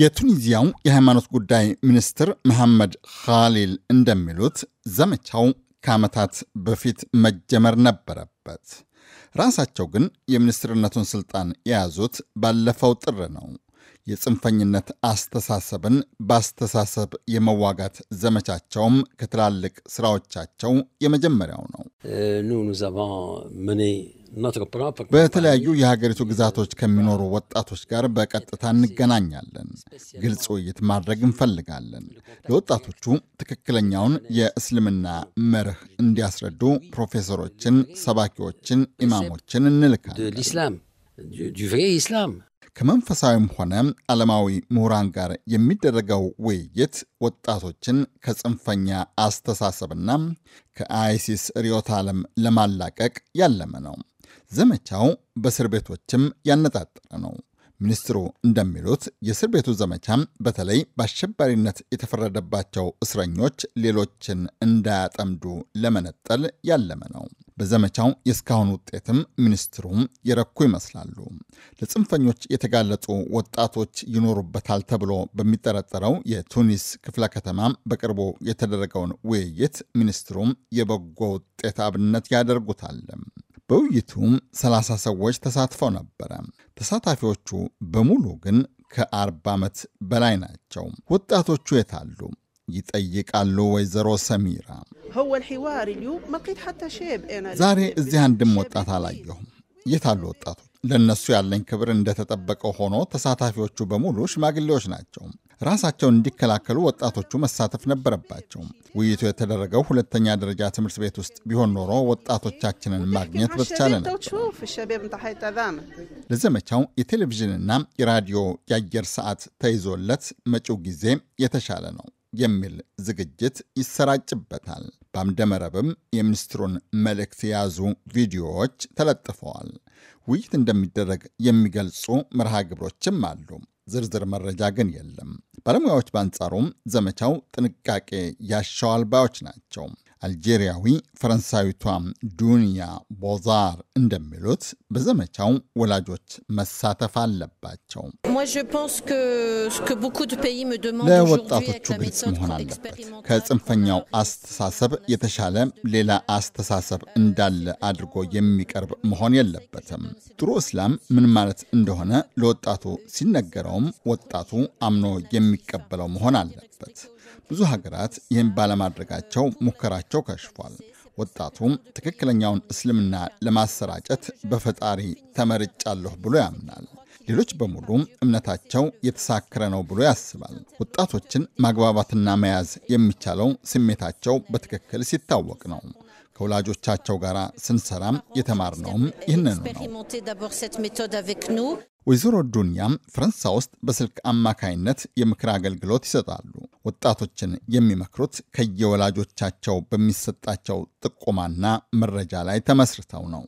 የቱኒዚያው የሃይማኖት ጉዳይ ሚኒስትር መሐመድ ካሊል እንደሚሉት ዘመቻው ከዓመታት በፊት መጀመር ነበረበት። ራሳቸው ግን የሚኒስትርነቱን ስልጣን የያዙት ባለፈው ጥር ነው። የጽንፈኝነት አስተሳሰብን በአስተሳሰብ የመዋጋት ዘመቻቸውም ከትላልቅ ስራዎቻቸው የመጀመሪያው ነው። eh, በተለያዩ የሀገሪቱ ግዛቶች ከሚኖሩ ወጣቶች ጋር በቀጥታ እንገናኛለን። ግልጽ ውይይት ማድረግ እንፈልጋለን። ለወጣቶቹ ትክክለኛውን የእስልምና መርህ እንዲያስረዱ ፕሮፌሰሮችን፣ ሰባኪዎችን፣ ኢማሞችን እንልካለን። ከመንፈሳዊም ሆነ ዓለማዊ ምሁራን ጋር የሚደረገው ውይይት ወጣቶችን ከጽንፈኛ አስተሳሰብና ከአይሲስ ርዕዮተ ዓለም ለማላቀቅ ያለመ ነው። ዘመቻው በእስር ቤቶችም ያነጣጠረ ነው። ሚኒስትሩ እንደሚሉት የእስር ቤቱ ዘመቻ በተለይ በአሸባሪነት የተፈረደባቸው እስረኞች ሌሎችን እንዳያጠምዱ ለመነጠል ያለመ ነው። በዘመቻው የእስካሁን ውጤትም ሚኒስትሩም የረኩ ይመስላሉ። ለጽንፈኞች የተጋለጡ ወጣቶች ይኖሩበታል ተብሎ በሚጠረጠረው የቱኒስ ክፍለ ከተማ በቅርቡ የተደረገውን ውይይት ሚኒስትሩም የበጎ ውጤት አብነት ያደርጉታል። በውይይቱም 30 ሰዎች ተሳትፈው ነበረ። ተሳታፊዎቹ በሙሉ ግን ከ40 ዓመት በላይ ናቸው። ወጣቶቹ የታሉ? ይጠይቃሉ ወይዘሮ ሰሚራ። ዛሬ እዚህ አንድም ወጣት አላየሁም። የታሉ ወጣቶች? ለእነሱ ያለኝ ክብር እንደተጠበቀ ሆኖ ተሳታፊዎቹ በሙሉ ሽማግሌዎች ናቸው። ራሳቸውን እንዲከላከሉ ወጣቶቹ መሳተፍ ነበረባቸው። ውይይቱ የተደረገው ሁለተኛ ደረጃ ትምህርት ቤት ውስጥ ቢሆን ኖሮ ወጣቶቻችንን ማግኘት በተቻለ ነው። ለዘመቻው የቴሌቪዥንና የራዲዮ የአየር ሰዓት ተይዞለት መጪው ጊዜ የተሻለ ነው የሚል ዝግጅት ይሰራጭበታል። በአምደመረብም የሚኒስትሩን መልእክት የያዙ ቪዲዮዎች ተለጥፈዋል። ውይይት እንደሚደረግ የሚገልጹ መርሃ ግብሮችም አሉ። ዝርዝር መረጃ ግን የለም። ባለሙያዎች በአንጻሩም ዘመቻው ጥንቃቄ ያሻዋል ባዮች ናቸው። አልጄሪያዊ ፈረንሳዊቷ ዱንያ ቦዛር እንደሚሉት በዘመቻው ወላጆች መሳተፍ አለባቸው። ለወጣቶቹ ግልጽ መሆን አለበት። ከጽንፈኛው አስተሳሰብ የተሻለ ሌላ አስተሳሰብ እንዳለ አድርጎ የሚቀርብ መሆን የለበትም። ጥሩ እስላም ምን ማለት እንደሆነ ለወጣቱ ሲነገረውም ወጣቱ አምኖ የሚቀበለው መሆን አለበት። ብዙ ሀገራት ይህን ባለማድረጋቸው ሙከራቸው ከሽፏል። ወጣቱም ትክክለኛውን እስልምና ለማሰራጨት በፈጣሪ ተመርጫለሁ ብሎ ያምናል። ሌሎች በሙሉም እምነታቸው የተሳከረ ነው ብሎ ያስባል። ወጣቶችን ማግባባትና መያዝ የሚቻለው ስሜታቸው በትክክል ሲታወቅ ነው። ከወላጆቻቸው ጋር ስንሰራም የተማርነውም ይህንኑ ነው። ወይዘሮ ዱንያም ፈረንሳ ውስጥ በስልክ አማካይነት የምክር አገልግሎት ይሰጣሉ። ወጣቶችን የሚመክሩት ከየወላጆቻቸው በሚሰጣቸው ጥቆማና መረጃ ላይ ተመስርተው ነው።